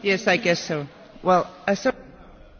yes i guess so. well as a